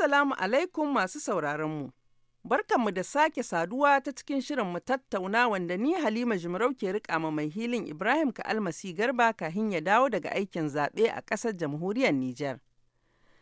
Assalamu alaikum masu sauraronmu. Barkanmu da sake saduwa ta cikin shirin mu tattauna wanda ni Halima Jimarau ke rika ma mai hilin Ibrahim ka almasi garba kahin ya dawo daga aikin zaɓe a ƙasar jamhuriyar Nijar.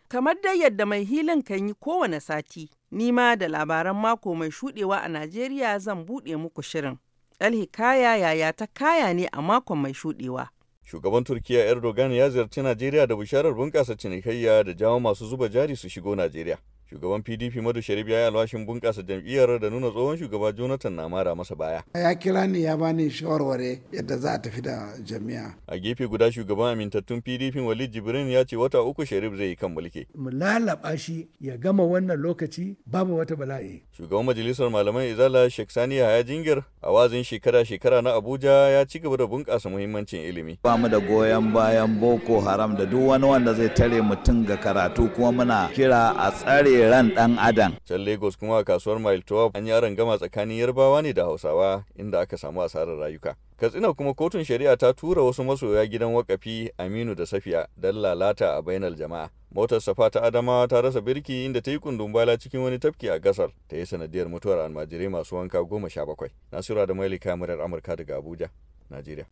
Kamar dai yadda mai hilin kan yi kowane sati, ni ma da labaran mako mai shuɗewa a Najeriya zan buɗe muku shirin. Alhikaya yaya ta kaya ne a makon mai shuɗewa. Shugaban Turkiya Erdogan ya ziyarci Najeriya da bisharar bunƙasa cinikayya da jawo masu zuba jari su shigo Najeriya. shugaban pdp madu sharif ya yi alwashin bunƙasa jam'iyyar da nuna tsohon shugaba jonathan na mara masa baya ya kira ni ya bani shawarware yadda za a tafi da jami'a a gefe guda shugaban amintattun pdp walid jibrin ya ce wata uku sharif zai yi kan mulki mu lalaba shi ya gama wannan lokaci babu wata bala'i shugaban majalisar malaman izala sheikh sani yahaya jingir a wazin shekara-shekara na abuja ya ci gaba da bunƙasa muhimmancin ilimi ba mu da goyon bayan boko haram da duk wani wanda zai tare mutum ga karatu kuma muna kira a tsare ran ɗan adam. Can Lagos kuma a kasuwar Mile 12 an yaran gama tsakanin Yarbawa ne da Hausawa inda aka samu asarar rayuka. Katsina kuma kotun shari'a ta tura wasu masoya gidan wakafi Aminu da Safiya don lalata a bainar jama'a. Motar safa ta Adamawa ta rasa birki inda ta yi kundumbala cikin wani tafki a gasar ta yi sanadiyar mutuwar almajirai masu wanka goma sha bakwai. Nasiru da Maili kamarar Amurka daga Abuja, Najeriya.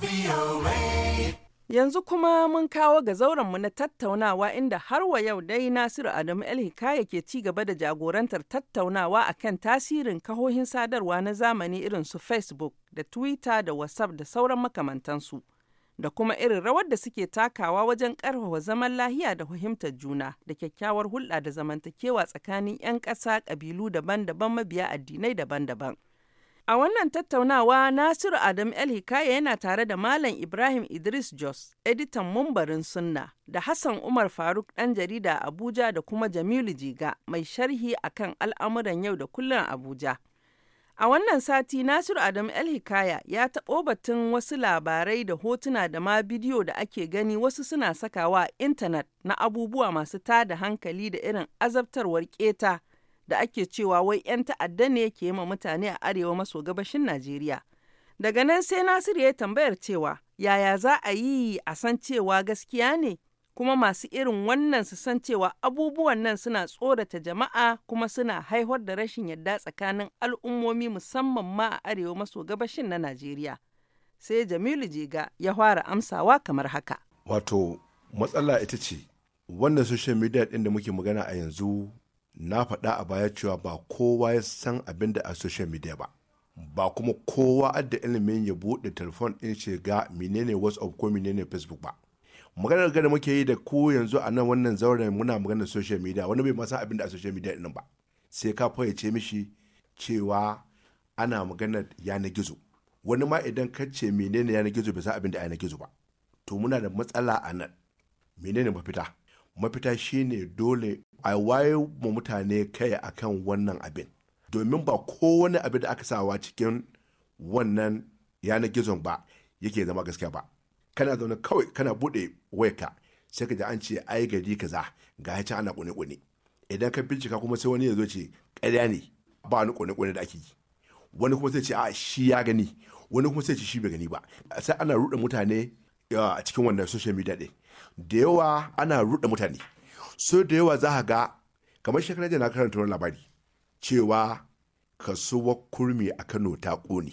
The Yanzu kuma mun kawo ga zaurenmu na tattaunawa inda har wa yau dai Nasiru Adamu Elhikaya Hikaya ke ci gaba da jagorantar tattaunawa a kan tasirin kahohin sadarwa na zamani irin su Facebook da Twitter da WhatsApp da sauran makamantansu. Da kuma irin rawar da suke takawa wajen karfafa zaman lahiya da fahimtar juna da kyakkyawar hulɗa da zamantakewa tsakanin 'yan ƙasa ƙabilu daban-daban mabiya addinai daban-daban. A wannan tattaunawa Nasiru Adam El Hikaya yana tare da Malam Ibrahim Idris Jos, editan mumbarin sunna, da Hassan Umar Faruk ɗan jarida Abuja da kuma Jamilu Jiga, mai sharhi akan al'amuran yau da kullum Abuja. A wannan sati Nasiru Adam El Hikaya ya taɓo batun wasu labarai da hotuna da ma bidiyo da ake gani wasu suna sakawa intanet na abubuwa masu tada hankali da irin azabtarwar ƙeta. da ake cewa wai 'yan ta'adda ne ke ma mutane a arewa maso gabashin Najeriya. Daga nan sai Nasiru ya tambayar cewa yaya za a yi a san cewa gaskiya ne kuma masu irin wannan su san cewa abubuwan nan suna tsorata jama'a kuma suna haihuwar da rashin yadda tsakanin al'ummomi musamman ma a arewa maso gabashin na Najeriya. Sai Jamilu Jega ya fara amsawa kamar haka. Wato matsala ita ce wannan social media ɗin da muke magana a yanzu na faɗa a baya cewa ba kowa ya san abin da a social media ba ba kuma kowa adda ilimin ya buɗe telefon ɗin shiga menene whatsapp ko menene facebook ba maganar gada muke yi da ko yanzu a nan wannan zauren muna maganar social media wani bai masa abin da a social media ɗin ba sai ka ce mishi cewa ana maganar yanar gizo wani ma idan ka ce menene yanar gizo bai san abin da yanar gizo ba to muna da matsala a nan menene mafita mafita ne dole a waye mu mutane kai akan wannan abin domin ba kowane abin da aka sawa cikin wannan yanar gizon ba yake zama gaskiya ba kana zaune kawai kana bude wayarka sai ka ji an ce ai gari kaza ga ya ana kune-kune idan ka bincika kuma sai wani ya zo ce ƙarya ne ba ni kune-kune da ake yi wani kuma sai ce a shi ya gani wani kuma sai ce shi bai gani ba sai ana ruɗe mutane a cikin wannan social media ɗin da yawa ana ruɗe mutane so da yawa za a ga kamar shekarar da na karanta wani labari cewa kasuwar kurmi a kano ta ƙone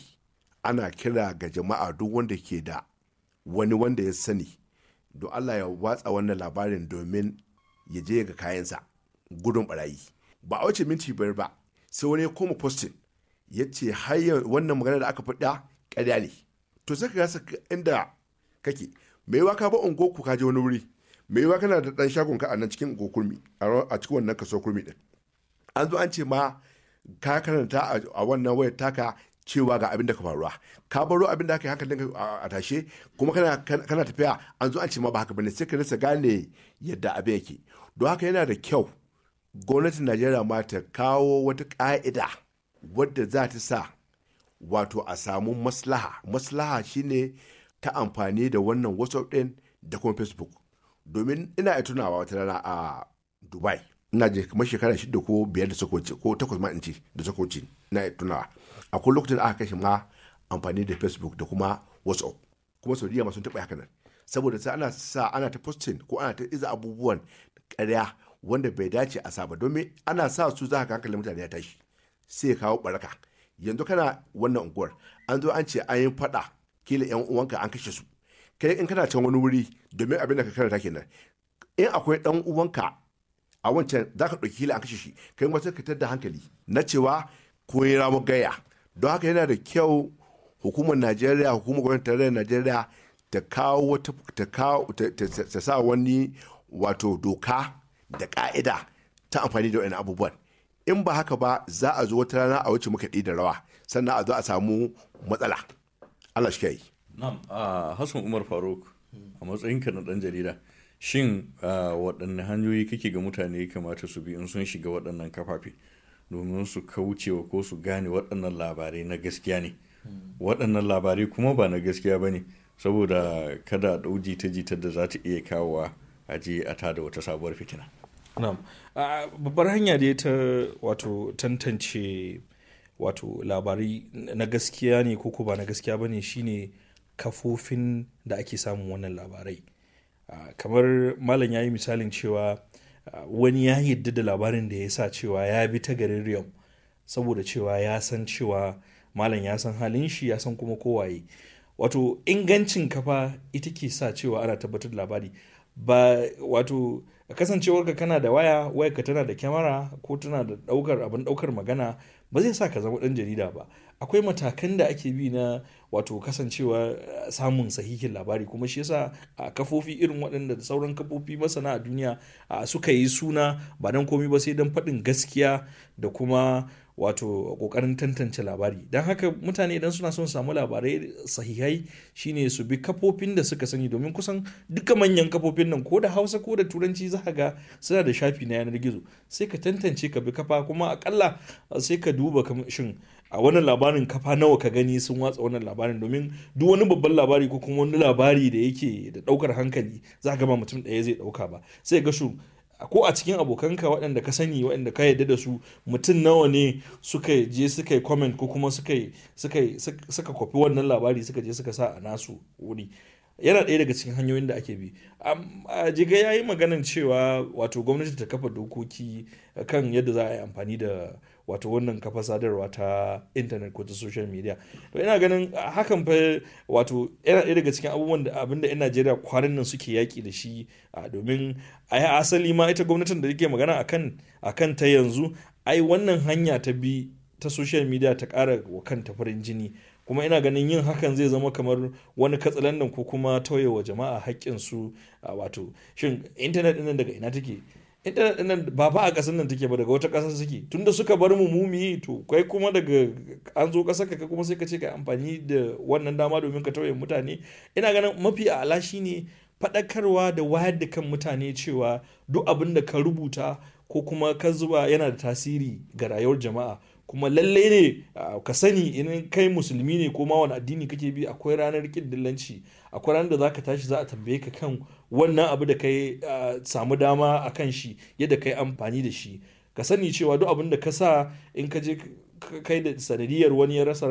ana kira ga jama'a duk wanda ke da wani wanda ya sani don allah ya watsa wannan labarin domin ya je ga kayansa gudun barayi ba a wuce minti biyar ba sai wani ya koma postin ya ce har wannan magana da aka faɗa ƙarya ne to sai ka gasa inda kake me yawa ka ba ungoku ka je wani wuri me yawa kana da dan shagon ka a nan cikin kurmi a cikin wannan kaso kurmi din an zo an ce ma ka karanta a wannan wayar taka cewa ga abin da ka faruwa ka baro abin da aka yi hankalin a tashe kuma kana tafiya an zo an ce ma ba haka bane sai ka rasa gane yadda abin yake don haka yana da kyau gwamnatin najeriya ma ta kawo wata ka'ida wadda za ta sa wato a samu maslaha maslaha shine ta amfani da wannan whatsapp ɗin da kuma facebook domin ina ya tunawa wata rana a dubai ina je kamar shekara shida ko biyar da suka ko takwas ma in ce da suka wuce ina ya tunawa akwai lokacin da aka kashe ma amfani da facebook da kuma whatsapp kuma sau ma sun taɓa haka nan saboda sai ana sa ana ta posting ko ana ta iza abubuwan karya wanda bai dace a sa saba domin ana sa su za ka hankalin mutane ya tashi sai kawo baraka yanzu kana wannan unguwar an zo an ce an yi faɗa kila yan uwanka an kashe su kai in kana can wani wuri domin abin da ka karanta kenan in akwai dan uwanka a wancan za ka ɗauki kila an kashe shi kai wata ka da hankali na cewa ko yi ramu gaya don haka yana da kyau hukumar najeriya hukumar gwamnatin tarayyar najeriya ta kawo ta kawo ta sa wani wato doka da ka'ida ta amfani da wani abubuwan in ba haka ba za a zo wata rana a wuce muka da rawa sannan a zo a samu matsala Allah shi yi Hassan Umar Faruk a matsayinka na ɗan jarida shin waɗanne hanyoyi kake ga mutane kamata su bi in sun shiga waɗannan kafafe domin su kaucewa ko su gane waɗannan labarai na gaskiya ne waɗannan labarai kuma ba na gaskiya ba ne saboda kada a ɗau jita jita da za ta iya kawowa a je a tada wata sabuwar fitina babbar hanya dai ta wato tantance wato labarai na gaskiya ne ko ba na gaskiya ba ne shine kafofin da ake samun wannan labarai ah, kamar malam ya yi misalin cewa ah, wani ya yadda da labarin da ya sa cewa ya bi ta garin riyam saboda cewa ya san cewa malam ya san halin shi ya san kuma kowaye wato ingancin kafa ita ke sa cewa ana tabbatar da labari ba wato kasancewarka kana da waya wayarka tana da kyamara ko tana da daukar abin daukar magana ba zai sa ka zama ɗan jarida ba akwai matakan da ake bi na wato kasancewa eh, samun sahihin labari kuma shi yasa a kafofi irin waɗanda da sauran kafofi masana a duniya suka yi suna ba don komi ba sai dan faɗin gaskiya da kuma wato kokarin tantance labari don haka mutane idan suna son samu labarai sahihai shine su bi kafofin da suka sani domin kusan duka manyan kafofin nan ko da hausa ko da turanci za ga suna da shafi na yanar gizo sai ka tantance ka bi kafa kuma akalla sai ka duba shin a wannan labarin kafa nawa ka gani sun watsa wannan labarin domin duk wani babban labari ko kuma wani labari da yake da daukar hankali za ga ba mutum ɗaya zai dauka ba sai ga shu ko a cikin abokanka waɗanda ka sani waɗanda ka yarda da su mutum nawa ne suka je suka yi comment ko kuma suka kwafi wannan labari suka je suka sa a nasu wuri yana ɗaya daga cikin hanyoyin da ake bi a jiga ya yi maganin cewa wato gwamnati ta kafa dokoki kan yadda za a yi amfani da wato wannan kafa sadarwa ta intanet ko ta social media to ina ganin hakan fa wato yana ɗaya daga cikin abubuwan da abinda 'yan najeriya kwanan nan suke yaƙi da shi domin a yi asali ma ita gwamnatin da take magana a kan ta yanzu ai wannan hanya ta bi ta social media ta ƙara wa kanta farin jini kuma ina ganin yin hakan zai zama kamar wani katsalandan ko kuma tauye wa jama'a haƙƙinsu wato shin intanet ɗin daga ina take ita nan ba fa a ƙasar nan take ba daga wata ƙasa suke tunda suka bar mu mumi to kai kuma daga an zo ƙasar ka kuma sai ka ce ka amfani da wannan dama domin ka tauye mutane ina ganin mafi ala shine faɗakarwa da wayar da kan mutane cewa duk abin da ka rubuta ko kuma ka zuba yana da tasiri ga rayuwar jama'a kuma lallai ne ka sani in kai musulmi ne ko ma wani addini kake bi akwai ranar ƙin akwai ranar da za ka tashi za a tambaye ka kan wannan abu da kai samu dama a kan shi yadda kai amfani da shi ka sani cewa duk abin da ka sa in ka je kai da sanadiyar wani ya rasa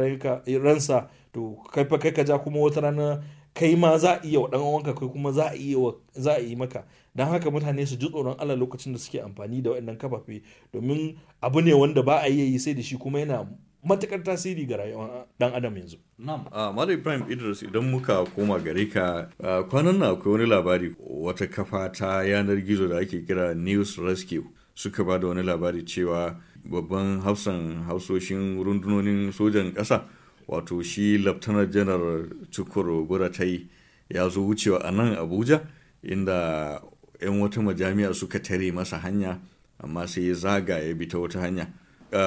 ransa to kai fa kai ka ja kuma wata rana kai ma za a iya wa dan uwanka kai kuma za a iya za a yi maka dan haka mutane su ji tsoron Allah lokacin da suke amfani da waɗannan kafafe domin abu ne wanda ba a iya yi sai da shi kuma yana matakar tasiri ga rayuwar dan adam yanzu. Nam. Ah, Mala Ibrahim Idris idan muka koma gare ka ah, kwanan nan akwai wani labari wata kafa ta yanar gizo da ake kira News Rescue suka ba da wani labari cewa babban hafsan hausoshin rundunonin sojan ƙasa wato shi Laftanar Janar Cukur Buratai ya zo wucewa a nan Abuja inda 'yan wata majami'a suka tare masa hanya amma sai ya zaga ya bi ta wata hanya.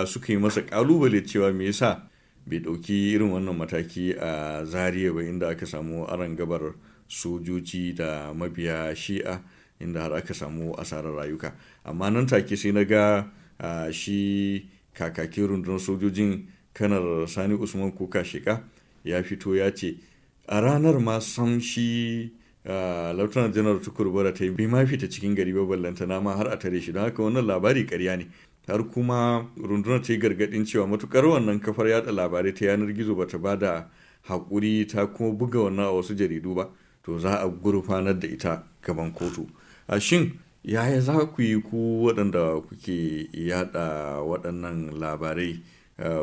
suka yi masa kalubale cewa me yasa bai ɗauki irin wannan mataki a zariya ba inda aka samu aron gabar sojoji da mabiya shi'a inda har aka samu asarar rayuka amma nan take sai na ga shi kakakin rundunar sojojin kanar sani usman kuka sheka ya fito ya ce a ranar ma sam shi lautanar janar tukur bara ta yi bai ma fita cikin gari ba ballanta na ma har a tare shi don haka wannan labari karya ne har kuma rundunar ta yi gargaɗin cewa matukar wannan kafar yada labarai ta yanar gizo bata ba da haƙuri ta kuma buga wannan a wasu jaridu ba to za a gurfanar da ita gaban kotu a shin yaya za ku yi ku waɗanda kuke yada waɗannan labarai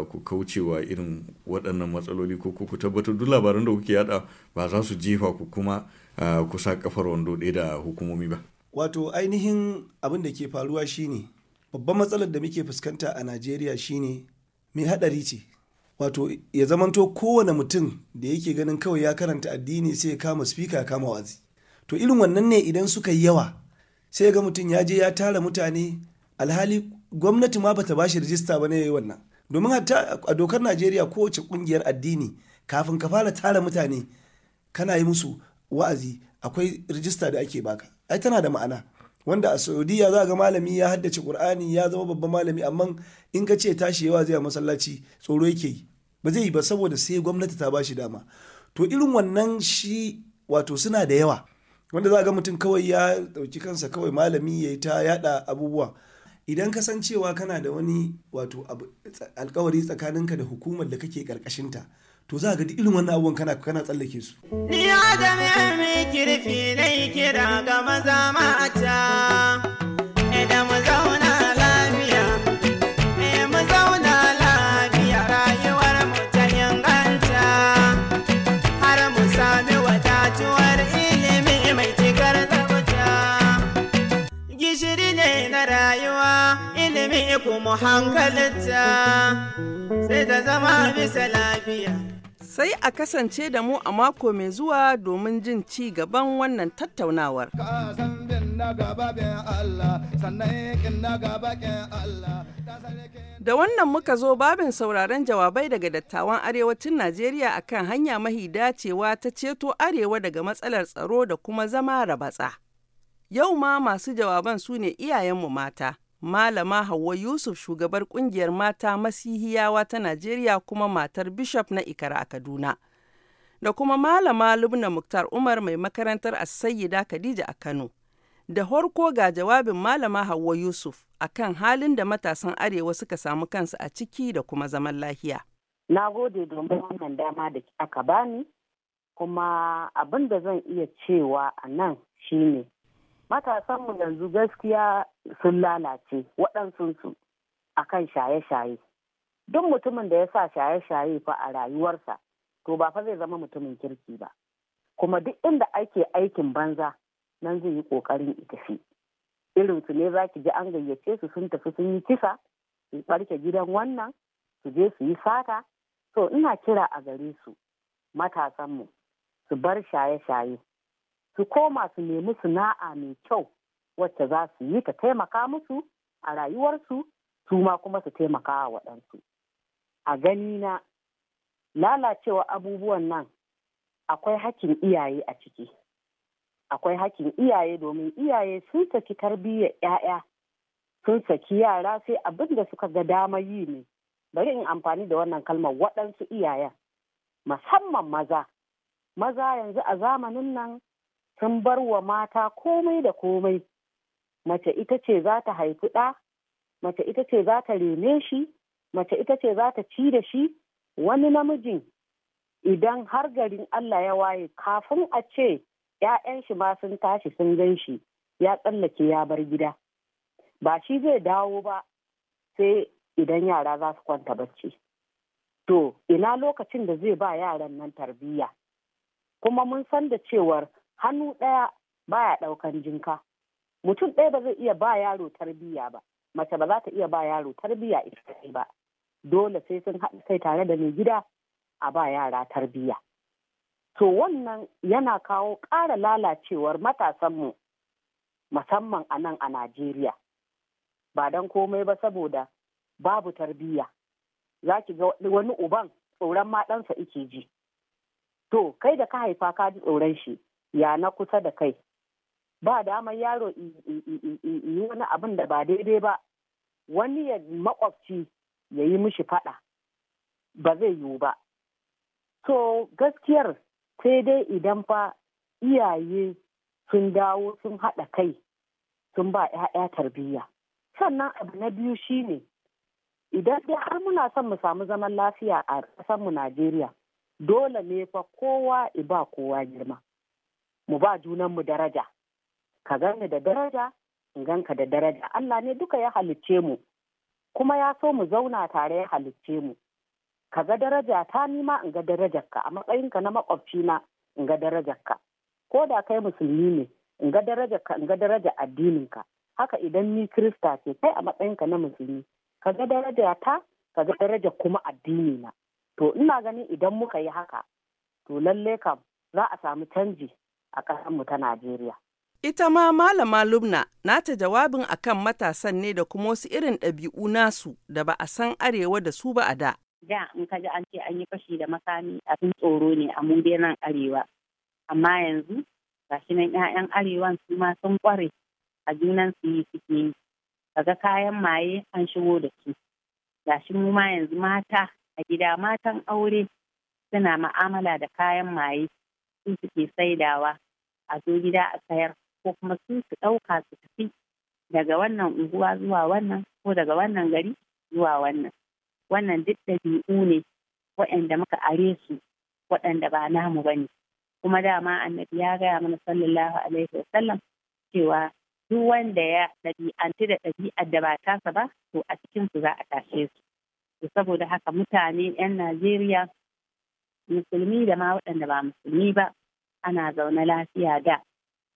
ku kaucewa irin waɗannan matsaloli ko ku tabbatar duk labaran da kuke yada ba za su jefa ku kuma kusa kafar wando ɗaya da hukumomi ba wato ainihin abin da ke faruwa shine babban matsalar da muke fuskanta a najeriya shine mai hadari ce wato ya zamanto kowane mutum da yake ganin kawai ya karanta addini sai ya kama spika ya kama wazi to irin wannan ne idan suka yi yawa sai ga mutum ya je ya tara mutane alhali gwamnati ma bata bashi rijista ba ne ya yi wannan domin hatta a dokar najeriya kowace kungiyar addini kafin ka fara tara mutane kana yi musu wa'azi akwai rijista da ake baka ai tana da ma'ana wanda a saudiya za ga malami ya haddace qur'ani ya zama babban malami amma in ka ce tashi yawa zai masallaci tsoro yake yi ba zai yi ba saboda sai gwamnati ta bashi dama to irin wannan shi wato suna da yawa wanda za ga mutum kawai ya dauki kansa kawai malami ya yi ta yada abubuwa idan ka san cewa kana da wani wato alkawari tsakaninka da hukumar da kake karkashinta to za ga duk irin wannan abubuwan kana tsallake su ni adami mai kirfi na kira ga maza mata idan eh, mu zauna lafiya eh, mu zauna lafiya rayuwar mu ta inganta har mu sami wadatuwar ilimi mai cikar tsafta gishiri ne na rayuwa ilimi ku hankalinta sai da zama bisa lafiya Sai a kasance da mu a mako mai zuwa domin jin ci gaban wannan tattaunawar. Da wannan muka zo babin sauraron jawabai daga dattawan arewacin Najeriya akan hanya mahi dacewa ta ceto arewa daga matsalar tsaro da kuma zama rabatsa. Yau ma masu jawaban su ne iyayenmu mata. Malama Hauwa Yusuf shugabar kungiyar mata Masihiyawa ta Najeriya kuma matar Bishop na Ikara a Kaduna. Da kuma Malama Lubna Muktar Umar mai makarantar Asayida Khadija a Kano. Da horko ga jawabin Malama Hauwa Yusuf a kan halin da matasan Arewa suka samu kansu a ciki da kuma zaman lahiya. Na gode domin wannan dama da aka bani, kuma abin da zan iya cewa a nan shine matasanmu yanzu gaskiya sun lalace waɗansunsu a kan shaye-shaye Don mutumin da ya sa shaye-shaye fa a rayuwarsa to ba fa zai zama mutumin kirki ba kuma duk inda ake aikin banza nan zai yi ƙoƙarin tafi irin su ne za ki ji an gayyace su sun tafi sun yi kisa su ɓarke gidan wannan su je su yi sata to ina kira a gare su matasanmu su bar shaye-shaye su koma su nemi sana'a mai kyau wacce za su yi ta taimaka musu a rayuwarsu su ma kuma su taimaka wa waɗansu a gani na lalacewa abubuwan nan akwai hakkin iyaye a ciki akwai hakkin iyaye domin iyaye sun saki tarbiyyar 'ya'ya sun saki yara sai abin da suka ga dama yi ne bari in amfani da wannan kalmar waɗansu iyayen musamman maza maza yanzu a zamanin nan sun bar wa mata komai da komai mace ita ce za ta haifi ɗa mace ita ce za ta rene shi mace ita ce za ta ci da shi wani namijin idan har garin Allah ya waye kafin a ce ‘ya'yan shi ma sun tashi sun gan shi ya tsallake ya bar gida ba shi zai dawo ba sai idan yara za su kwanta bacci to ina lokacin da zai ba yaran nan tarbiyya kuma mun san da cewar hannu ɗaya baya ɗaukan jinka mutum ɗaya ba zai iya ba yaro tarbiyya ba mace ba za ta iya ba yaro tarbiyya ita ba dole sai sun haɗa kai tare da mai gida a ba yara tarbiyya to wannan yana kawo ƙara lalacewar matasanmu musamman a nan a najeriya ba dan komai ba saboda babu tarbiyya za ki ga wani uban tsoron ma ɗansa ike ji to kai da ka haifa ka ji tsoron shi ya na kusa da kai ba damar yaro yi wani abin da ba daidai ba wani ya makwabci ya yi mishi fada ba zai yiwu ba so gaskiyar sai dai idan fa iyaye sun dawo sun haɗa kai sun ba 'ya'ya tarbiyya sannan abu na biyu shine idan dai har muna son mu samu zaman lafiya a ƙasarmu najeriya dole ne fa kowa iba kowa girma mu ba junanmu daraja ka gane da daraja in ganka da daraja Allah ne duka ya halicce mu kuma ya so mu zauna tare ya halicce mu ka ga daraja ta nima in ga darajarka a matsayinka na makwabcina in ga darajarka ko da kai musulmi ne in ga darajarka in ga daraja addininka haka idan ni kirista ce kai a matsayinka na musulmi ka ga daraja ta ka ga daraja kuma addini na to ina ganin idan muka yi haka to lalle kam za a samu canji a ƙasarmu ta Najeriya. Ita ma Malama Lubna nata jawabin a kan matasan ne da kuma wasu irin ɗabi'u nasu da ba a san arewa da su ba a da. Da in ka ji an ce an yi fashi da makami abin tsoro ne a mu nan arewa. Amma yanzu gashi nan 'ya'yan arewan su ma sun kware a junan su yi suke yi. Kaga kayan maye an shigo da su. shi mu ma yanzu mata a gida matan aure suna ma'amala da kayan maye su suke saidawa a zo gida a sayar ko kuma su su ɗauka su tafi daga wannan unguwa zuwa wannan ko daga wannan gari zuwa wannan wannan duk ɗabi'u ne waɗanda muka are su waɗanda ba namu ba ne kuma dama annabi ya gaya mana sallallahu alaihi wa sallam cewa duk wanda ya ɗabi'anci da ɗabi'ar da ba tasa ba to a cikin su za a tashe su to saboda haka mutane 'yan Najeriya musulmi da ma waɗanda ba musulmi ba ana zaune lafiya da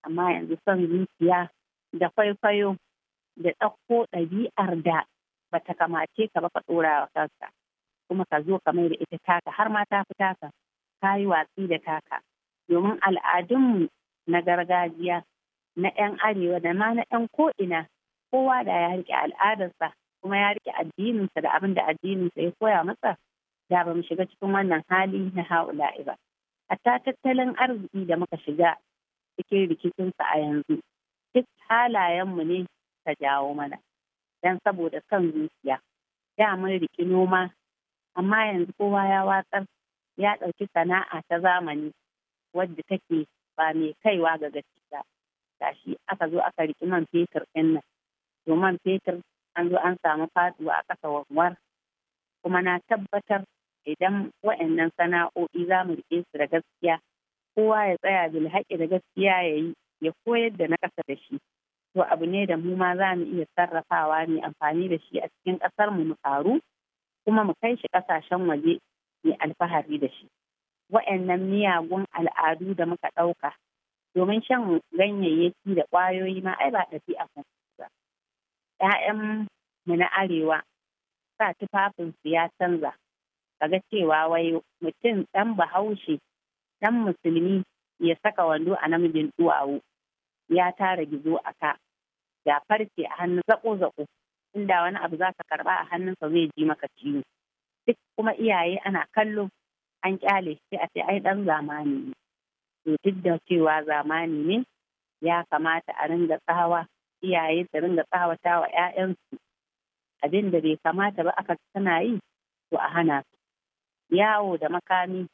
amma yanzu son zuciya da kwaikwayo da ɗauko ɗabi'ar da ba ta kamace ka ba ka ɗora wa kuma ka zo ka mai da ita taka har ma ta fi taka ka yi watsi da taka domin al'adunmu na gargajiya na 'yan arewa da ma na 'yan ko'ina kowa da ya riƙe al'adarsa kuma ya riƙe addininsa da abin da addininsa ya koya masa da ba mu shiga cikin wannan hali na ha'ula'i ba. Hatta tattalin arziki da muka shiga cikin rikicinsa a yanzu duk halayen mu ne ka jawo mana Dan saboda kan zuciya ya mun riki noma amma yanzu kowa ya watsar ya ɗauki sana'a ta zamani wadda take ba mai kaiwa ga gaskiya gashi aka zo aka riki man fetur ɗin nan to man fetur an zo an samu faduwa a ƙasa warwar kuma na tabbatar idan wa'annan sana'o'i za mu rike su da gaskiya kowa ya tsaya bil haƙi da gaskiya ya yi ya koyar da na ƙasa da shi to abu ne da mu ma za mu iya sarrafawa mu amfani da shi a cikin ƙasar mu mu faru kuma mu kai shi ƙasashen waje mu alfahari da shi wa'annan miyagun al'adu da muka ɗauka domin shan ganyayyaki da ƙwayoyi ma ai ba kan ba ƴaƴan mu na arewa sa tufafinsu ya canza kaga cewa wai mutum ɗan bahaushe dan musulmi ya saka wando a namijin duwawu ya tara gizo a ka Ya farce a hannu zaƙo-zaƙo. inda wani abu za ka karba a hannunsa zai ji maka ciwo duk kuma iyaye ana kallo an kyale shi a ce ai dan zamani ne to duk da cewa zamani ne ya kamata a ringa tsawa iyaye su ringa tsawata wa 'ya'yansu abin da bai kamata ba aka tana yi to a hana su yawo da makami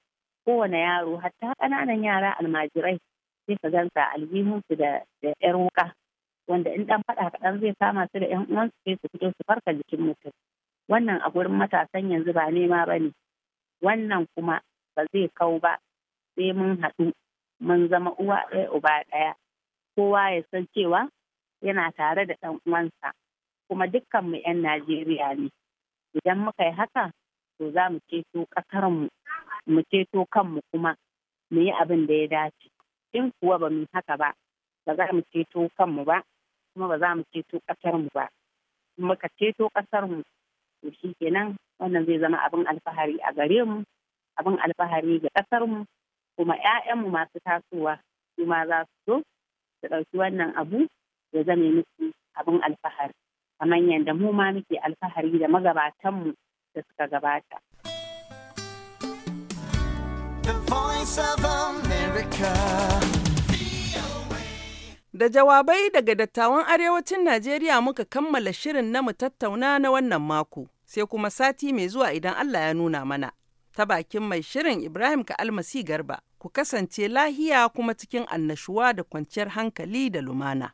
kowane yaro hatta ƙananan yara almajirai sai ka gansa alhihunsu da yar wuka wanda in dan faɗa kaɗan zai kama su da yan uwansu sai su fito su farka jikin mutum wannan a gurin matasan yanzu ba nema ba ne wannan kuma ba zai kau ba sai mun haɗu mun zama uwa ɗaya uba ɗaya kowa ya san cewa yana tare da ɗan uwansa kuma dukkanmu 'yan Najeriya ne idan muka yi haka to za mu ceto mu. mu ceto kanmu kuma mu yi abin da ya dace in kuwa ba mu haka ba ba za mu ceto kanmu ba kuma ba za mu ceto ƙasarmu ba muka ceto ƙasarmu to shi kenan wannan zai zama abin alfahari a gare mu abin alfahari ga ƙasarmu kuma 'ya'yanmu masu tasowa su ma za su zo su ɗauki wannan abu ya zame musu abin alfahari kamar yadda mu ma muke alfahari da magabatanmu da suka gabata Voice Da jawabai daga dattawan arewacin Najeriya muka kammala shirin na mu tattauna na wannan mako, sai kuma sati mai zuwa idan Allah ya nuna mana. Ta bakin mai shirin Ibrahim ka almasi Garba, ku kasance lahiya kuma cikin annashuwa da kwanciyar hankali da lumana.